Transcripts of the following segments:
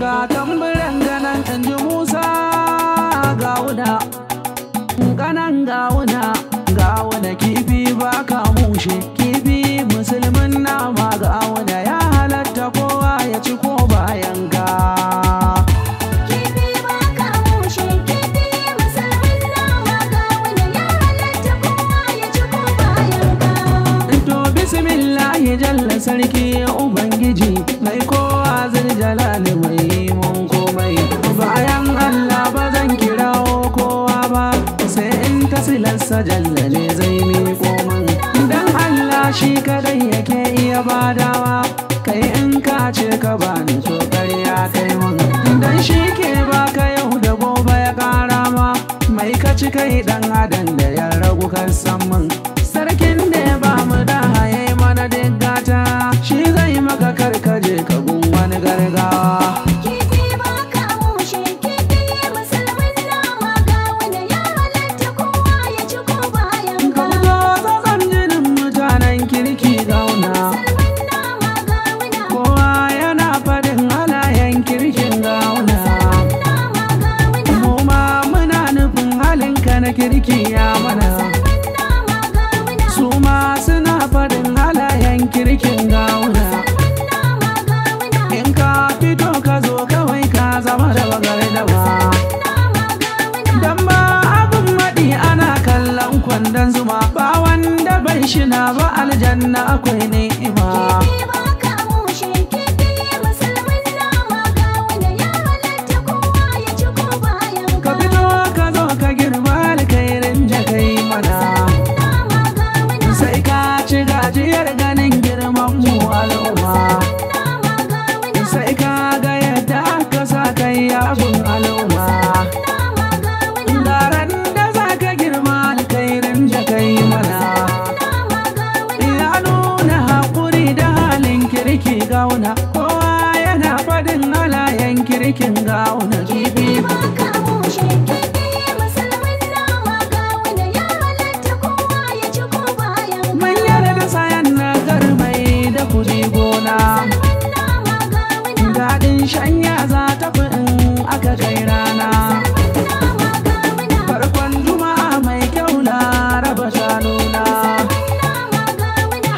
ga tamburan ganan inji musa ga wuda ganan ga wuda kifi ba ka mushe kifi musulmin nama ga ya halatta kowa ya ci ko bayan wasilarsa jallale zai miko min dan Allah shi kadai yake iya badawa kai in ka ce ka bani to ya kai mun dan shi ke baka yau da gobe ya ƙara ma mai ka ci kai dan adam da ya ragu kan san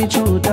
你注定。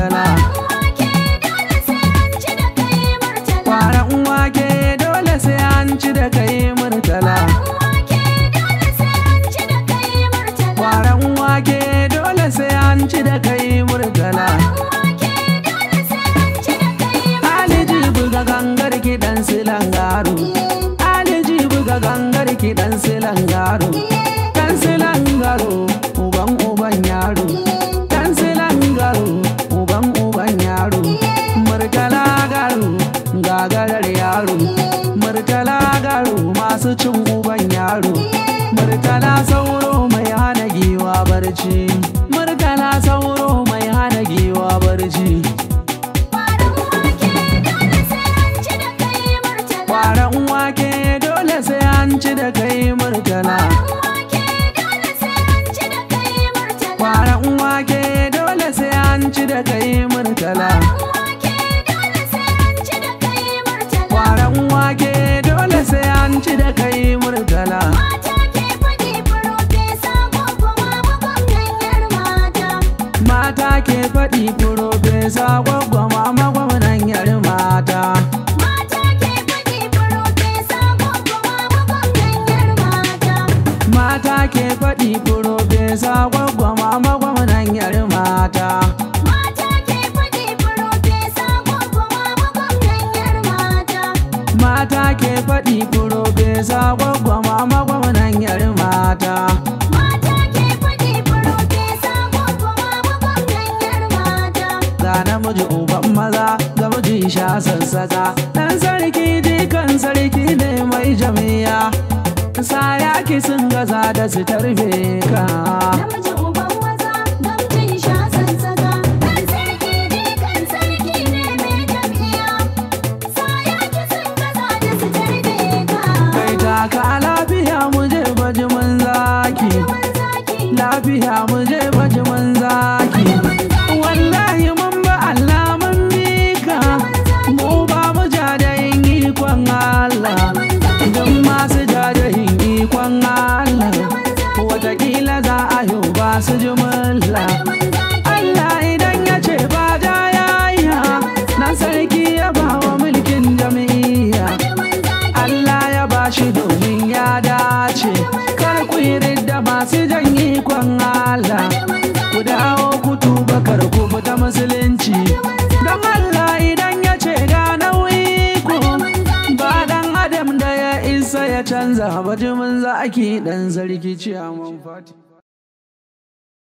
tana kwaran wake dole sai an ci da kai murtala kwaran wake dole sai an ci da kai murtala aliji buga gangar kiɗan silangaru aliji buga gangar kiɗan silangaru masu cin guban yaro murtala sauro mai hana giwa barci murtala sauro mai hana giwa barci Kwaran wake dole sai an ci da kai murtala Kwaran wake dole sai an ci da kai murtala abinci da kai murtala mata ke faɗi profesa ko kuma mata mata ke faɗi profesa gwagwan isa gwaggwa mama gwamnan yar mata mata ke fadi farauke gwaggwa mama gwamnan yar mata ga namiji uban maza ga miji sha sassaka dan sarki jikan sarki ne mai jami'a sa yaki sun gaza da su tarbe ka namiji ka lafiya mu je mun zaki lafiya mu je mun zaki wallahi mun ba Allah mun mika mu ba mu jadayin ikon Allah don masu jadayin ikon Allah kila za a yi ba su jimilla a jimin za ake dan sarki ciyaman fati